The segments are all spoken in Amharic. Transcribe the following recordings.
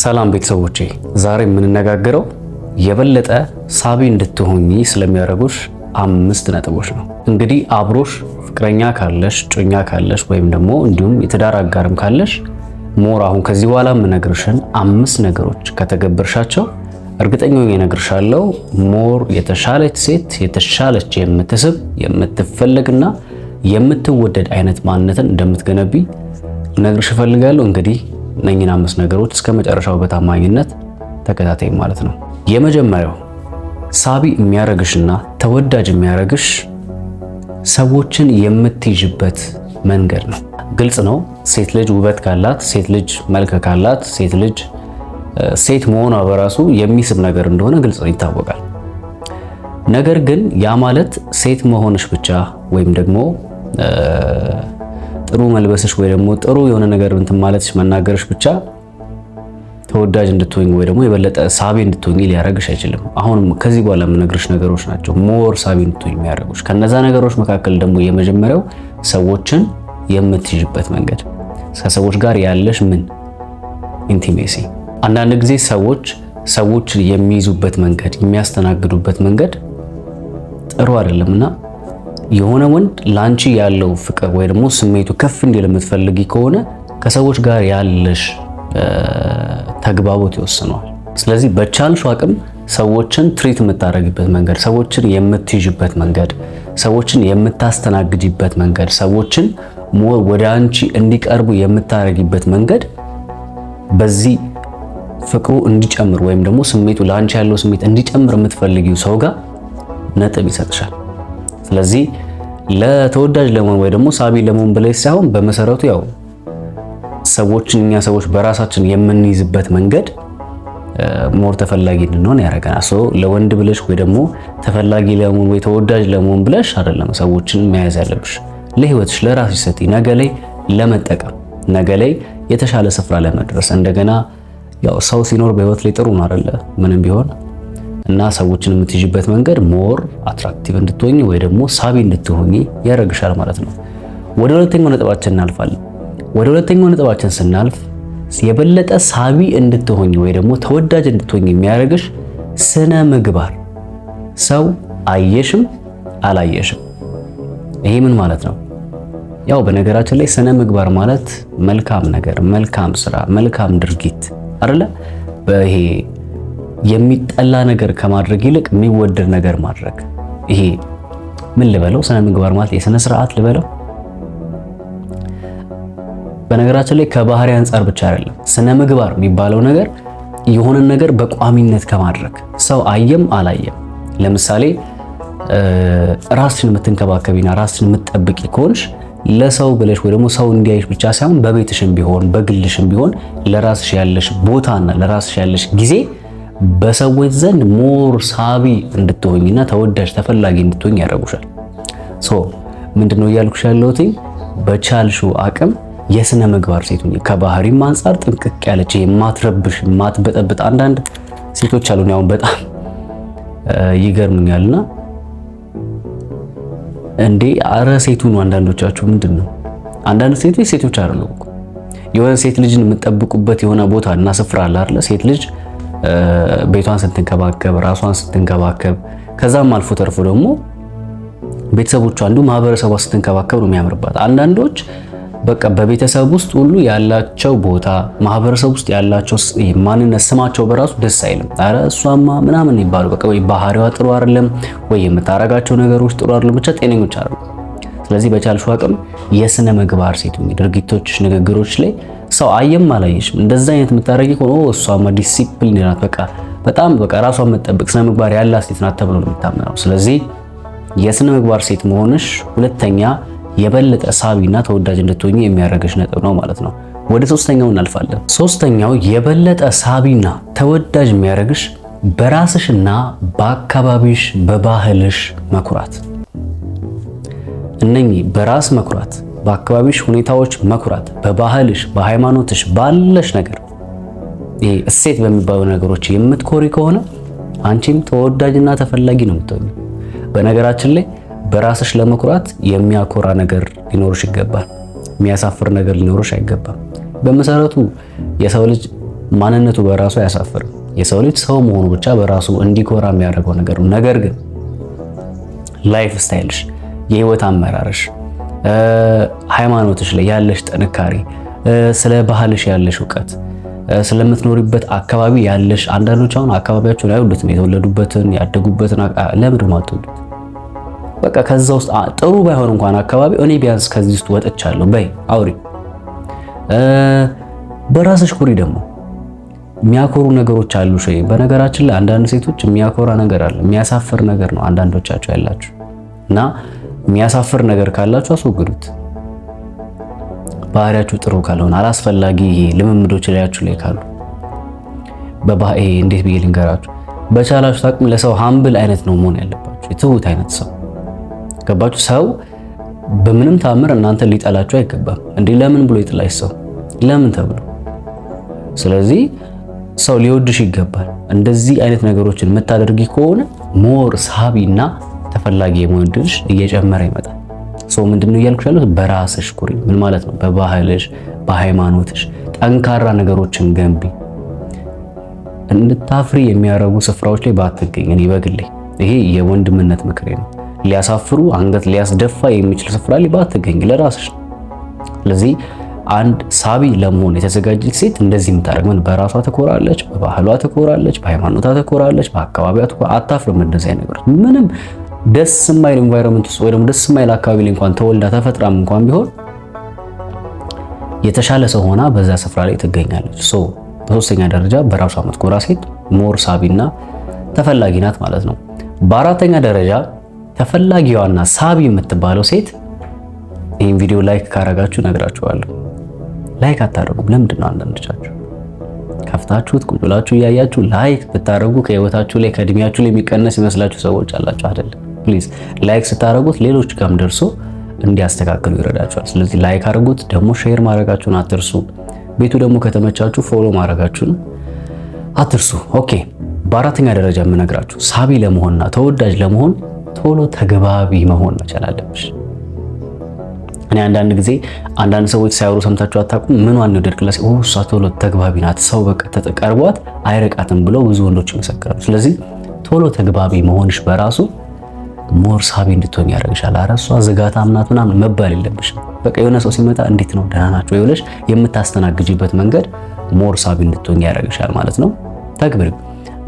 ሰላም ቤተሰቦቼ፣ ዛሬ የምንነጋገረው የበለጠ ሳቢ እንድትሆኚ ስለሚያደርጉሽ አምስት ነጥቦች ነው። እንግዲህ አብሮሽ ፍቅረኛ ካለሽ፣ ጮኛ ካለሽ ወይም ደግሞ እንዲሁም የትዳር አጋርም ካለሽ ሞር አሁን ከዚህ በኋላ የምነግርሽን አምስት ነገሮች ከተገበርሻቸው እርግጠኛ እነግርሻለሁ ሞር የተሻለች ሴት የተሻለች የምትስብ የምትፈለግና የምትወደድ አይነት ማንነትን እንደምትገነቢ ነግርሽ እፈልጋለሁ። እንግዲህ እነኝን አምስት ነገሮች እስከ መጨረሻው በታማኝነት ተከታታይ ማለት ነው። የመጀመሪያው ሳቢ የሚያረግሽና ተወዳጅ የሚያረግሽ ሰዎችን የምትይዥበት መንገድ ነው። ግልጽ ነው። ሴት ልጅ ውበት ካላት፣ ሴት ልጅ መልክ ካላት፣ ሴት ልጅ ሴት መሆኗ በራሱ የሚስብ ነገር እንደሆነ ግልጽ ነው፣ ይታወቃል። ነገር ግን ያ ማለት ሴት መሆንሽ ብቻ ወይም ደግሞ ጥሩ መልበስሽ ወይ ደግሞ ጥሩ የሆነ ነገር እንትን ማለትሽ መናገርሽ ብቻ ተወዳጅ እንድትሆኝ ወይ ደግሞ የበለጠ ሳቢ እንድትሆኝ ሊያደርግሽ አይችልም። አሁንም ከዚህ በኋላ የምነግርሽ ነገሮች ናቸው ሞር ሳቢ እንድትሆኝ የሚያደርጉሽ። ከነዛ ነገሮች መካከል ደግሞ የመጀመሪያው ሰዎችን የምትይዥበት መንገድ፣ ከሰዎች ጋር ያለሽ ምን ኢንቲሜሲ። አንዳንድ ጊዜ ሰዎች ሰዎች የሚይዙበት መንገድ፣ የሚያስተናግዱበት መንገድ ጥሩ አይደለምና የሆነ ወንድ ላንቺ ያለው ፍቅር ወይ ደግሞ ስሜቱ ከፍ እንዲል የምትፈልጊ ከሆነ ከሰዎች ጋር ያለሽ ተግባቦት ይወስነዋል። ስለዚህ በቻልሽ አቅም ሰዎችን ትሪት የምታደርግበት መንገድ፣ ሰዎችን የምትይዥበት መንገድ፣ ሰዎችን የምታስተናግጅበት መንገድ፣ ሰዎችን ሞር ወደ አንቺ እንዲቀርቡ የምታደርጊበት መንገድ በዚህ ፍቅሩ እንዲጨምር ወይም ደግሞ ስሜቱ ለአንቺ ያለው ስሜት እንዲጨምር የምትፈልጊው ሰው ጋር ነጥብ ይሰጥሻል። ስለዚህ ለተወዳጅ ለመሆን ወይ ደግሞ ሳቢ ለመሆን ብለሽ ሳይሆን በመሰረቱ ያው ሰዎችን እኛ ሰዎች በራሳችን የምንይዝበት መንገድ ሞር ተፈላጊ እንድንሆን ያደርገናል። ሶ ለወንድ ብለሽ ወይ ደግሞ ተፈላጊ ለመሆን ወይ ተወዳጅ ለመሆን ብለሽ አይደለም ሰዎችን መያዝ ያለብሽ፣ ለህይወትሽ ለራስሽ ስትይ ነገ ላይ ለመጠቀም ነገ ላይ የተሻለ ስፍራ ለመድረስ እንደገና ያው ሰው ሲኖር በህይወት ላይ ጥሩ ነው አይደለ ምንም ቢሆን እና ሰዎችን የምትይዥበት መንገድ ሞር አትራክቲቭ እንድትሆኝ ወይ ደግሞ ሳቢ እንድትሆኝ ያደርግሻል ማለት ነው። ወደ ሁለተኛው ነጥባችን እናልፋለን። ወደ ሁለተኛው ነጥባችን ስናልፍ የበለጠ ሳቢ እንድትሆኝ ወይ ደግሞ ተወዳጅ እንድትሆኝ የሚያደርግሽ ስነ ምግባር። ሰው አየሽም አላየሽም ይሄ ምን ማለት ነው? ያው በነገራችን ላይ ስነ ምግባር ማለት መልካም ነገር፣ መልካም ስራ፣ መልካም ድርጊት አይደለ? በይሄ የሚጠላ ነገር ከማድረግ ይልቅ የሚወደድ ነገር ማድረግ ይሄ ምን ልበለው፣ ስነ ምግባር ማለት የስነ ስርዓት ልበለው። በነገራችን ላይ ከባህሪ አንጻር ብቻ አይደለም ስነ ምግባር የሚባለው ነገር የሆነን ነገር በቋሚነት ከማድረግ ሰው አየም አላየም። ለምሳሌ ራስሽን የምትንከባከቢና ራስሽን የምትጠብቂ ከሆንሽ ለሰው ብለሽ ወይ ደግሞ ሰው እንዲያይሽ ብቻ ሳይሆን በቤትሽም ቢሆን በግልሽም ቢሆን ለራስሽ ያለሽ ቦታና ለራስሽ ያለሽ ጊዜ በሰዎች ዘንድ ሞር ሳቢ እንድትሆኝና ተወዳጅ ተፈላጊ እንድትሆኝ ያደርጉሻል። ሶ ምንድነው እያልኩሽ ያለሁት በቻልሹ አቅም የስነ ምግባር ሴት ሁኚ። ከባህሪም አንጻር ጥንቅቅ ያለች የማትረብሽ የማትበጠብጥ አንዳንድ ሴቶች አሉ። ያው በጣም ይገርሙኛልና እንዴ አረ ሴቱ ሴቱን አንዳንዶቻችሁ ምንድነው ነው አንዳንድ ሴቶች ሴቶች አይደሉም የሆነ ሴት ልጅን የምጠብቁበት የሆነ ቦታ እና ስፍራ አለ አይደለ ሴት ልጅ ቤቷን ስትንከባከብ፣ ራሷን ስትንከባከብ ከዛም አልፎ ተርፎ ደግሞ ቤተሰቦቿ አንዱ ማህበረሰቧ ስትንከባከብ ነው የሚያምርባት። አንዳንዶች በቃ በቤተሰብ ውስጥ ሁሉ ያላቸው ቦታ ማህበረሰብ ውስጥ ያላቸው ማንነት ስማቸው በራሱ ደስ አይልም። አረ እሷማ ምናምን ይባሉ በቃ ወይ ባህሪዋ ጥሩ አይደለም፣ ወይ የምታረጋቸው ነገሮች ጥሩ አይደለም፣ ብቻ ጤነኞች አይደሉም። ስለዚህ በቻልሽው አቅም የስነ ምግባር ሴት ድርጊቶች፣ ንግግሮች ላይ ሰው አየም አላየሽም እንደዛ አይነት የምታደርጊ ከሆነ እሷማ ዲሲፕሊን ናት፣ በቃ በጣም በቃ ራሷን መጠበቅ ስነ ምግባር ያላት ሴት ናት ተብሎ ነው የሚታመነው። ስለዚህ የስነ ምግባር ሴት መሆንሽ ሁለተኛ የበለጠ ሳቢና ተወዳጅ እንድትሆኚ የሚያደርግሽ ነጥብ ነው ማለት ነው። ወደ ሶስተኛው እናልፋለን። ሶስተኛው የበለጠ ሳቢና ተወዳጅ የሚያደርግሽ በራስሽና በአካባቢሽ በባህልሽ መኩራት። እነኚህ በራስ መኩራት በአካባቢሽ ሁኔታዎች መኩራት፣ በባህልሽ፣ በሃይማኖትሽ፣ ባለሽ ነገር ይሄ እሴት በሚባሉ ነገሮች የምትኮሪ ከሆነ አንቺም ተወዳጅና ተፈላጊ ነው የምትሆኚ። በነገራችን ላይ በራስሽ ለመኩራት የሚያኮራ ነገር ሊኖርሽ ይገባል። የሚያሳፍር ነገር ሊኖርሽ አይገባም። በመሰረቱ የሰው ልጅ ማንነቱ በራሱ አያሳፍርም። የሰው ልጅ ሰው መሆኑ ብቻ በራሱ እንዲኮራ የሚያደርገው ነገር ነው። ነገር ግን ላይፍ ስታይልሽ፣ የህይወት አመራርሽ ሃይማኖትሽ ላይ ያለሽ ጥንካሬ፣ ስለ ባህልሽ ያለሽ እውቀት፣ ስለምትኖሪበት አካባቢ ያለሽ አንዳንዶች አሁን አካባቢያቸውን አይወዱትም። የተወለዱበትን ያደጉበትን ለምድር ማትወዱት በቃ ከዛ ውስጥ ጥሩ ባይሆን እንኳን አካባቢ እኔ ቢያንስ ከዚህ ውስጥ ወጥቻለሁ በይ አውሪ። በራስሽ ኩሪ። ደግሞ የሚያኮሩ ነገሮች አሉ። በነገራችን ላይ አንዳንድ ሴቶች የሚያኮራ ነገር አለ፣ የሚያሳፍር ነገር ነው አንዳንዶቻቸው ያላችሁ እና የሚያሳፍር ነገር ካላችሁ አስወግዱት። ባህሪያችሁ ጥሩ ካልሆነ አላስፈላጊ ልምምዶች ላያችሁ ላይ ካሉ በባህ እንዴት ብዬ ልንገራችሁ፣ በቻላችሁ አቅም ለሰው ሀምብል አይነት ነው መሆን ያለባችሁ፣ የትሁት አይነት ሰው ገባችሁ። ሰው በምንም ታምር እናንተ ሊጠላችሁ አይገባም። እንዲህ ለምን ብሎ ይጥላሽ ሰው ለምን ተብሎ። ስለዚህ ሰው ሊወድሽ ይገባል። እንደዚህ አይነት ነገሮችን የምታደርጊ ከሆነ ሞር ሳቢና ተፈላጊ የመሆን እድልሽ እየጨመረ ይመጣል። ሰው ነው እያልኩሽ ያሉት በራስሽ ኩሪ። ምን ማለት ነው? በባህልሽ፣ በሃይማኖትሽ ጠንካራ ነገሮችን ገንቢ። እንድታፍሪ የሚያረጉ ስፍራዎች ላይ ባትገኝ። እኔ በግሌ ይሄ የወንድምነት ምክሬ ነው። ሊያሳፍሩ አንገት ሊያስደፋ የሚችል ስፍራ ላይ ባትገኝ ለራስሽ ነው። ስለዚህ አንድ ሳቢ ለመሆን የተዘጋጀች ሴት እንደዚህ የምታደርግ ምን በራሷ ትኮራለች፣ በባህሏ ትኮራለች፣ በሃይማኖቷ ትኮራለች፣ በአካባቢዋ አታፍርም። እንደዚህ ነገሮች ምንም ደስ የማይል ኢንቫይሮንመንት ውስጥ ወይ ደግሞ ደስ የማይል አካባቢ ላይ እንኳን ተወልዳ ተፈጥራም እንኳን ቢሆን የተሻለ ሰው ሆና በዛ ስፍራ ላይ ትገኛለች። ሶ በሶስተኛ ደረጃ በራሷ የምትኮራ ሴት ሞር ሳቢና ተፈላጊ ናት ማለት ነው። በአራተኛ ደረጃ ተፈላጊዋና ሳቢ የምትባለው ሴት ይህን ቪዲዮ ላይክ ካረጋችሁ ነግራችኋለሁ። ላይክ አታደርጉም። ለምንድን ነው አንዳንዶቻችሁ ከፍታችሁት ቁጭ ብላችሁ እያያችሁ ላይክ ብታደርጉ ከህይወታችሁ ላይ ከእድሜያችሁ ላይ የሚቀነስ ይመስላችሁ ሰዎች አላችሁ አይደለም? ፕሊዝ ላይክ ስታደርጉት ሌሎች ጋም ደርሶ እንዲያስተካክሉ ይረዳቸዋል። ስለዚህ ላይክ አድርጉት፣ ደግሞ ሼር ማድረጋችሁን አትርሱ። ቤቱ ደግሞ ከተመቻችሁ ፎሎ ማድረጋችሁን አትርሱ። ኦኬ። በአራተኛ ደረጃ የምነግራችሁ ሳቢ ለመሆንና ተወዳጅ ለመሆን ቶሎ ተገባቢ መሆን መቻል አለብሽ። እኔ አንዳንድ ጊዜ አንዳንድ ሰዎች ሳይወሩ ሰምታችሁ አታውቁም? ዋን ነው ደርግ እሷ ቶሎ ተግባቢ ናት፣ ሰው በቃ ተቀርቧት አይረቃትም ብለው ብዙ ወንዶች ይመሰክራሉ። ስለዚህ ቶሎ ተግባቢ መሆንሽ በራሱ ሞር ሳቢ እንድትሆን ያደርግሻል። ኧረ እሷ ዝጋታም ምናምን መባል የለብሽም። በቃ የሆነ ሰው ሲመጣ እንዴት ነው ደህና ናቸው የሆነሽ የምታስተናግጅበት መንገድ ሞር ሳቢ እንድትሆን ያደርግሻል ማለት ነው። ተግብሪ።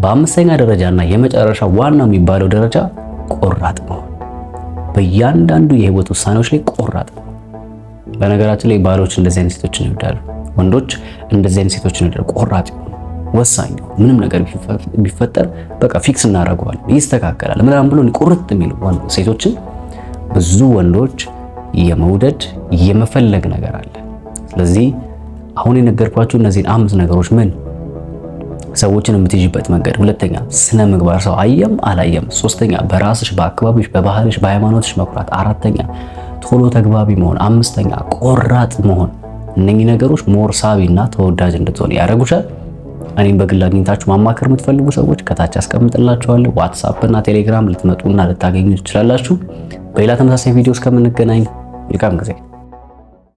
በአምስተኛ ደረጃ እና የመጨረሻ ዋናው የሚባለው ደረጃ ቆራጥ መሆን፣ በእያንዳንዱ የህይወት ውሳኔዎች ላይ ቆራጥ በነገራችን ላይ ባሎች እንደዚህ አይነት ሴቶችን ይወዳሉ፣ ወንዶች እንደዚህ አይነት ሴቶችን ይወዳሉ። ቆራጥ ወሳኝ ነው። ምንም ነገር ቢፈጠር በቃ ፊክስ እናደርገዋለን፣ ይስተካከላል ምናምን ብሎ ቁርጥ የሚሉ ሴቶችን ብዙ ወንዶች የመውደድ የመፈለግ ነገር አለ። ስለዚህ አሁን የነገርኳችሁ እነዚህን አምስት ነገሮች ምን ሰዎችን የምትይዥበት መንገድ፣ ሁለተኛ ስነ ምግባር፣ ሰው አየም አላየም፣ ሶስተኛ በራስሽ በአካባቢሽ በባህልሽ በሃይማኖትሽ መኩራት፣ አራተኛ ቶሎ ተግባቢ መሆን፣ አምስተኛ ቆራጥ መሆን። እነኚህ ነገሮች ሞር ሳቢና ተወዳጅ እንድትሆን ያደርጉሻል። እኔም በግል አግኝታችሁ ማማከር የምትፈልጉ ሰዎች ከታች አስቀምጥላችኋለሁ። ዋትሳፕ እና ቴሌግራም ልትመጡና ልታገኙ ትችላላችሁ። በሌላ ተመሳሳይ ቪዲዮ እስከምንገናኝ መልካም ጊዜ